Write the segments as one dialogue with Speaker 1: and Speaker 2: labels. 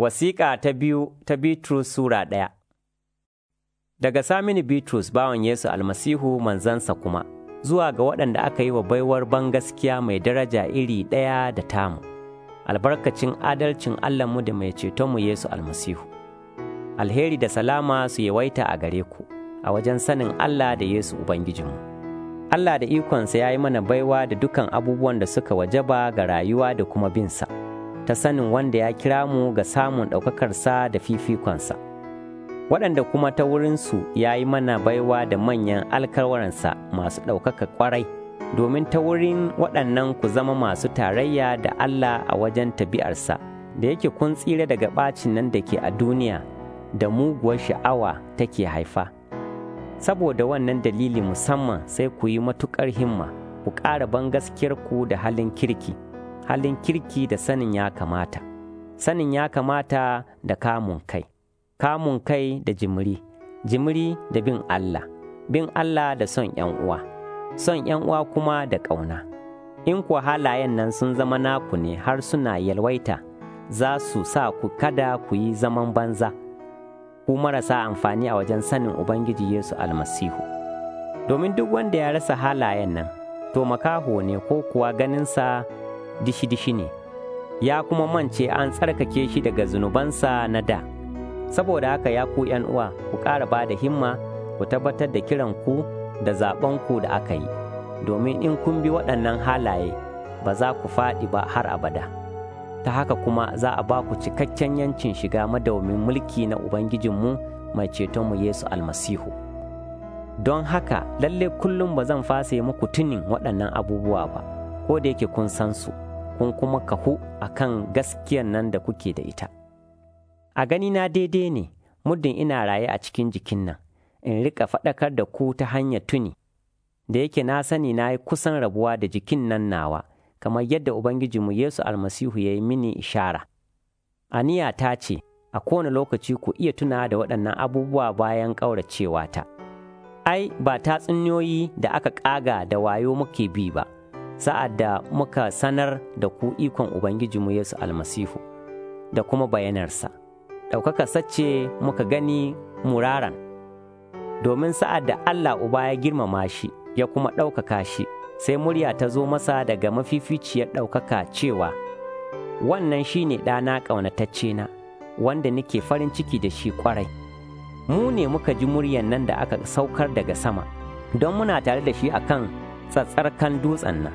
Speaker 1: Wasiƙa ta biyu ta Bitrus Sura ɗaya Daga Samini Bitrus bawan Yesu almasihu manzansa kuma, zuwa ga waɗanda aka yi wa baiwar gaskiya mai daraja iri ɗaya da tamu, albarkacin adalcin Allahnmu da mai cetonmu Yesu almasihu. Alheri da salama su yawaita a gare ku, a wajen sanin Allah da Yesu Ubangijinmu. Allah da ikonsa ya yi mana baiwa da dukan abubuwan da suka wajaba ga rayuwa da kuma binsa. ta sanin wanda ya kira mu ga samun ɗaukakarsa da fifikonsa, waɗanda kuma ta wurinsu ya yi mana baiwa da manyan alkawaransa masu ɗaukaka ƙwarai, domin ta wurin waɗannan ku zama masu tarayya da Allah a wajen tabi'arsa, da yake kun tsira daga ɓacin nan da ke a duniya da muguwar sha'awa take haifa. Saboda wannan dalili musamman sai ku yi matuƙar himma, ku ƙara ban gaskiyarku da halin kirki. halin kirki da sanin ya kamata, sanin ya kamata da kamun kai, kamun kai da jimiri, jimiri da bin Allah, bin Allah da son 'yan uwa, son 'yan uwa kuma da ƙauna. In kuwa halayen nan sun zama naku ne har suna yalwaita, za su sa ku kada ku yi zaman banza, ku marasa amfani a wajen sanin Ubangiji Yesu almasihu. Domin duk wanda ya rasa halayen nan, to makaho ne ko kuwa ganinsa dishi-dishi ne, ya kuma mance an tsarkake shi daga zunubansa na da. Saboda haka ya ku uwa ku ƙara ba da himma ku tabbatar da kiranku da zaɓenku da aka yi, domin in kun bi waɗannan halaye ba za ku faɗi ba har abada. Ta haka kuma za a ba ku cikakken yancin shiga madaumin mulki na Ubangijinmu mai cetonmu Yesu Almasihu. Don haka lalle kullum ba zan fasa muku tunin waɗannan abubuwa ba, ko da yake kun san su. kun kuma kahu a kan gaskiyan nan da kuke da ita. A gani na daidai ne, muddin ina raye a cikin jikin nan, in riƙa faɗakar da ku ta hanyar tuni, da yake na sani na yi kusan rabuwa da jikin nan nawa, kamar yadda Ubangijinmu Yesu almasihu ya yi mini ishara. Aniya ta ce, a kowane lokaci ku iya tuna da waɗannan abubuwa bayan ƙauracewa ta. Ai, ba ta tsinniyoyi da aka ƙaga da wayo muke bi ba. sa'ad da muka sanar da ku ikon Ubangijinmu Yesu almasihu da kuma bayanarsa, ɗaukaka sace muka gani muraran, domin sa'ad da Allah Uba ya girmama shi ya kuma ɗaukaka shi, sai murya ta zo masa daga mafificiyar ɗaukaka cewa, Wannan shi ne ɗana ƙaunatacce na, wanda nake farin ciki da shi ƙwarai. Mu ne muka ji muryan nan da aka saukar daga sama, don muna tare da shi akan tsatsarkan dutsen nan.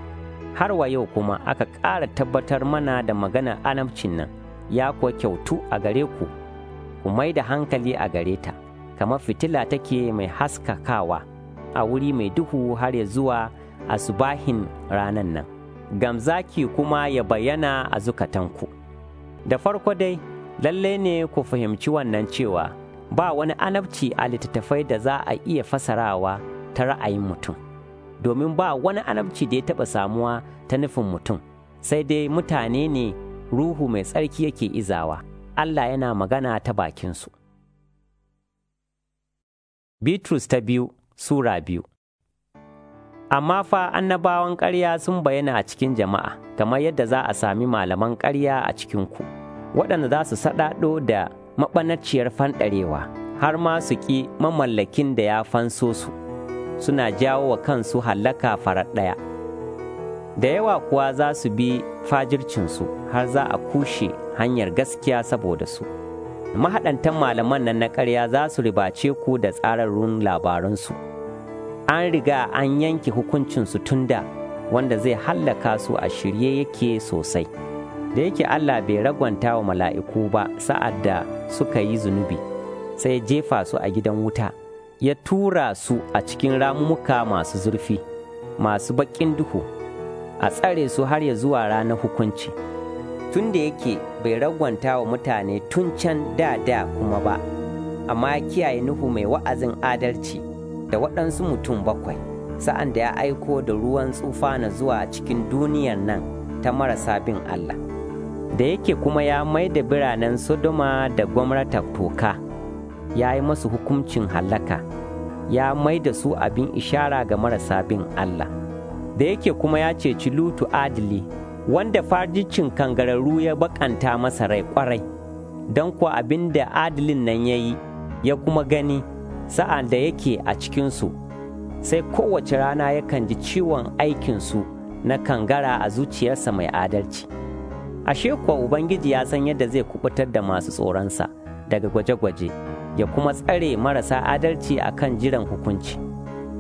Speaker 1: har wa yau kuma aka ƙara tabbatar mana da magana anabcin nan ya kuwa kyautu a gare ku ku mai da hankali a gare ta kamar fitila take mai haskakawa a wuri mai duhu har ya zuwa asubahin ranan nan gamzaki kuma ya bayyana a zukatanku da farko dai lalle ne ku fahimci wannan cewa ba wani anabci a littattafai da za a iya fasarawa ta ra'ayin mutum domin ba wani anabci da ya taɓa samuwa ta nufin mutum, sai dai mutane ne ruhu mai tsarki yake izawa, Allah yana magana ta bakinsu. Bitrus ta biyu Sura biyu Amma fa annabawan ƙarya sun bayyana a cikin jama'a, kamar yadda za a sami malaman ƙarya a cikinku, waɗanda za su saɗaɗo da maɓanaciyar fanɗarewa, har ma su ƙi mamallakin da ya fanso su. suna jawo wa kansu hallaka farar ɗaya da yawa kuwa za su bi fajircinsu har za a kushe hanyar gaskiya saboda su mahaɗantan malaman nan na ƙarya za su ribace ku da tsararrun labaransu an riga an yanke hukuncinsu tun da wanda zai hallaka su a shirye yake sosai da yake Allah bai ragwanta wa mala'iku ba sa'ad da suka yi zunubi sai jefa su a gidan wuta. ya tura su a cikin ramumuka masu zurfi, masu baƙin duhu, a tsare su har ya zuwa ranar hukunci. Tun da yake bai ragwanta wa mutane tun can da da kuma ba, amma kiyaye Nuhu mai wa'azin adalci da waɗansu mutum bakwai, sa'an da ya aiko da ruwan tsufa na zuwa cikin duniyar nan ta marasa bin Allah. Da yake kuma ya mai da biranen Sodoma da gwamnatar toka. ya yi masu hukuncin hallaka ya mai da su abin ishara ga marasa bin Allah da yake kuma ya ceci lutu adili wanda farjicin kangararru ya bakanta masa rai kwarai don kuwa abin da adilin nan ya yi ya kuma gani sa'an da yake a cikinsu sai kowace rana yakan ji ciwon aikinsu na kangara a zuciyarsa mai adalci ashe kuwa ubangiji ya san yadda zai kubutar da masu tsoronsa daga gwaje-gwaje. ya kuma tsare marasa adalci a kan jiran hukunci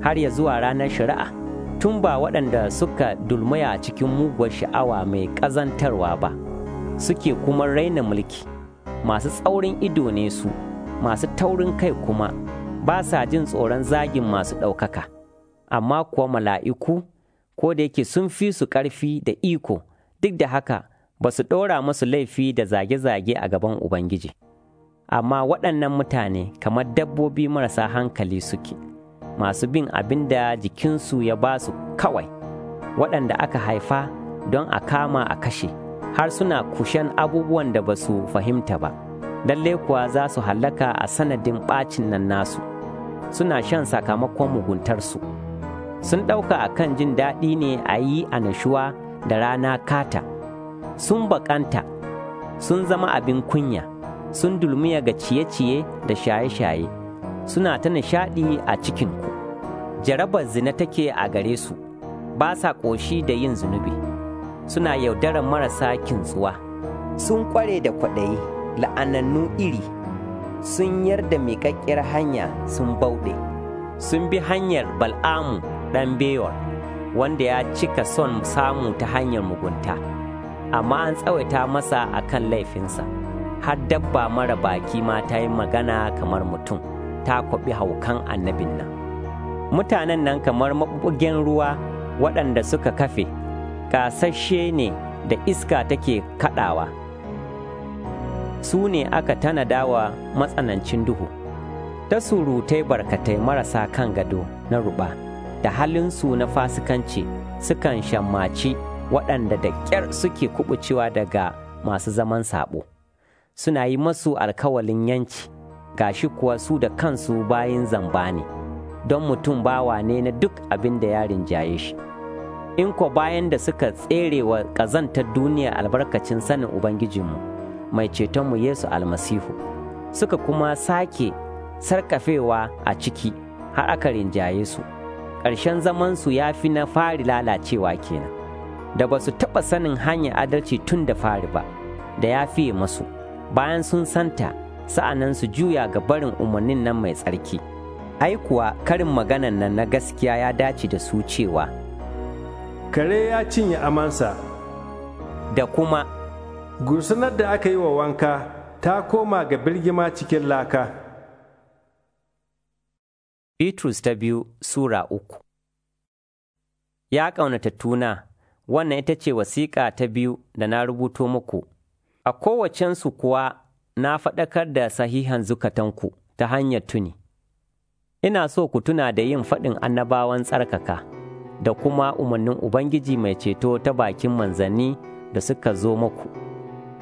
Speaker 1: har ya zuwa ranar shari'a tun ba waɗanda suka dulmaya cikin muguwar sha'awa mai ƙazantarwa ba suke kuma raina mulki masu tsaurin ido ne su masu taurin kai kuma ba sa jin tsoron zagin masu ɗaukaka amma kuwa mala'iku ko da yake sun fi su ƙarfi da iko duk da haka ba su ɗora musu laifi da zage-zage a gaban Ubangiji. amma waɗannan mutane kamar dabbobi marasa hankali suke masu bin abin da jikinsu ya ba su kawai waɗanda aka haifa don a kama a kashe har suna kushen abubuwan da ba su fahimta ba lalle kuwa za su hallaka a sanadin ɓacin nan nasu suna shan sakamakon muguntarsu sun ɗauka a kan jin daɗi ne a yi anashuwa da rana kata sun baƙanta sun zama abin kunya. sun dulmiya ga ciye-ciye da shaye-shaye, suna ta nishaɗi a cikinku. Jarabar zina take a gare su, ba sa ƙoshi da yin zunubi, suna yaudarar marasa kintsuwa. Sun ƙware da kwaɗayi, la'anannu iri, sun yarda miƙaƙƙiyar hanya sun bauɗe, sun bi hanyar bal'amu ɗan beyor, wanda ya cika son samu ta hanyar mugunta, amma an tsawaita masa a kan laifinsa. har dabba mara baki ma ta yi magana kamar mutum ta kwaɓi haukan annabin nan mutanen nan kamar maɓuɓɓugen ruwa waɗanda suka kafe ƙasashe ne da iska take kaɗawa su ne aka tanada wa matsanancin duhu ta surutai barkatai marasa kan gado na ruba da halinsu na fasikanci sukan shammaci waɗanda da ƙyar suke kubucewa daga masu zaman saɓo. suna yi masu alkawalin yanci Ga shi kuwa su da kansu bayan zamba ne don mutum bawa ne na duk abin da ya rinjaye shi in ko bayan da suka tsere wa ƙazantar duniya albarkacin sanin ubangijinmu mai cetonmu yesu almasihu suka kuma sake sarkafewa a ciki har aka rinjaye su ƙarshen zamansu ya fi na fari lalacewa kenan da ba su taɓa sanin hanyar adalci tun da fari ba da ya fiye masu bayan sun santa sa'anan su juya ga barin umarnin nan mai tsarki ai kuwa karin maganan nan na gaskiya ya dace da su cewa kare ya cinye amansa da kuma gursunar da aka yi wa wanka ta koma ga birgima cikin laka Bitrus ta biyu Sura uku Ya ƙaunata tuna, wannan ita ce wasiƙa ta biyu da na rubuto muku. A kowacensu kuwa na faɗakar da sahihan zukatanku ta hanyar tuni. Ina so ku tuna da yin faɗin annabawan tsarkaka da kuma umarnin Ubangiji mai ceto ta bakin manzanni da suka zo maku.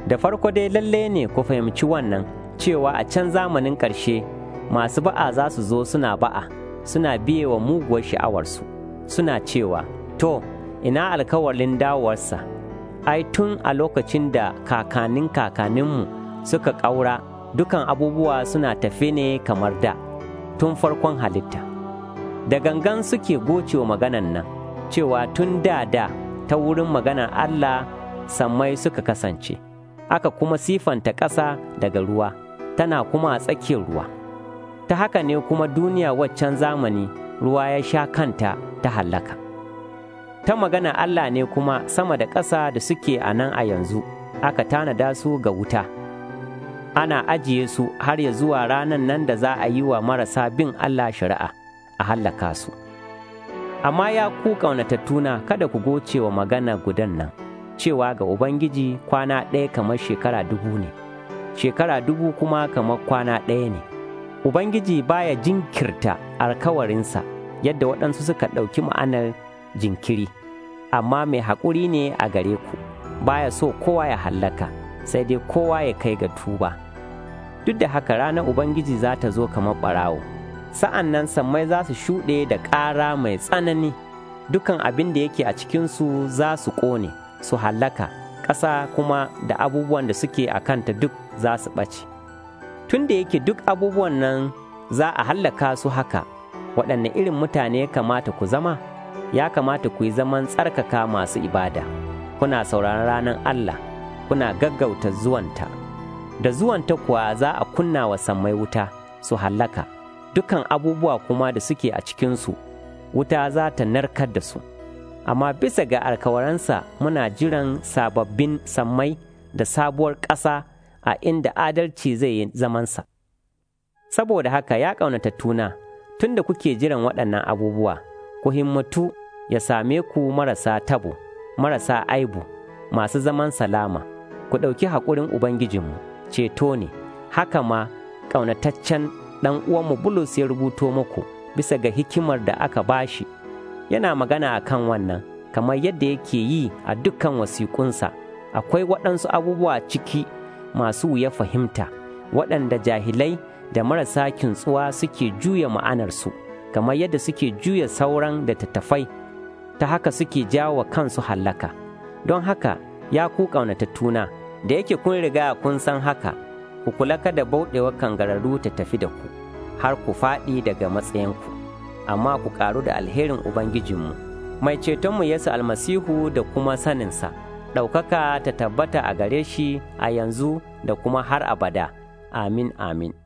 Speaker 1: Da farko dai lalle ne ku fahimci wannan cewa a can zamanin ƙarshe masu ba'a za su zo suna ba'a suna biye wa muguwar sha'awarsu suna cewa to ina alkawarin dawowarsa. ai tun a lokacin da kakannin kakanninmu suka ƙaura dukan abubuwa suna tafe ne kamar da tun farkon halitta da gangan suke gocewa maganan nan cewa tun da da ta wurin maganar Allah sammai suka kasance aka kuma sifanta ƙasa daga ruwa tana kuma a tsakiyar ruwa ta haka ne kuma duniya waccan zamani ruwa ya sha kanta ta hallaka ta magana Allah ne kuma sama da ƙasa da suke a nan a yanzu, aka tanada su ga wuta. Ana ajiye su har ya zuwa ranan nan da za a yi wa marasa bin Allah shari'a a hallaka su. Amma ya ku ƙaunatattuna kada ku goce wa magana gudan nan, cewa ga Ubangiji kwana ɗaya kamar shekara dubu ne, shekara dubu kuma kamar kwana ɗaya ne. Ubangiji baya jinkirta alkawarinsa yadda waɗansu suka ɗauki ma'anar jinkiri, amma mai haƙuri ne a gare ku, baya so kowa ya hallaka, sai dai kowa ya kai ga tuba. Duk da haka ranar Ubangiji za ta zo kamar ɓarawo, sa'an nan sammai za su shuɗe da ƙara mai tsanani, dukan abin da yake a cikinsu za su ƙone, su hallaka, ƙasa kuma da abubuwan da suke a kanta duk za su ɓace. Tun da yake duk abubuwan nan za a hallaka su haka, waɗanne irin mutane kamata ku zama? ya kamata ku yi zaman tsarkaka masu ibada, kuna sauraron ranar Allah, kuna gaggauta zuwanta, da zuwanta kuwa za a kunna wa sammai wuta su hallaka, dukan abubuwa kuma da suke a cikinsu, wuta za ta narkar da su. Amma bisa ga alkawaransa muna jiran sababbin sammai da sabuwar ƙasa a inda adalci zai yi zamansa. Saboda haka ya ƙaunata tun da kuke jiran waɗannan abubuwa. ku himmatu ya same ku marasa tabo, marasa aibu, masu zaman salama, ku ɗauki haƙurin Ubangijinmu, ceto ne, haka ma ƙaunataccen ɗan uwanmu Bulus ya rubuto muku bisa ga hikimar da aka bashi. Yana magana a kan wannan, kamar yadda yake yi a dukkan wasiƙunsa, akwai waɗansu abubuwa ciki masu wuya fahimta, waɗanda jahilai da marasa kintsuwa suke juya ma'anarsu. kamar yadda suke juya sauran da tattafai ta haka suke jawo kansu hallaka don haka ya ku tuna, da yake kun riga kun san haka ku kula kada bauɗewar kangararru ta tafi da ku har ku faɗi daga matsayinku amma ku ƙaru da alherin ubangijinmu mai cetonmu yesu almasihu da kuma saninsa ɗaukaka ta tabbata a gare shi a yanzu da kuma har abada amin amin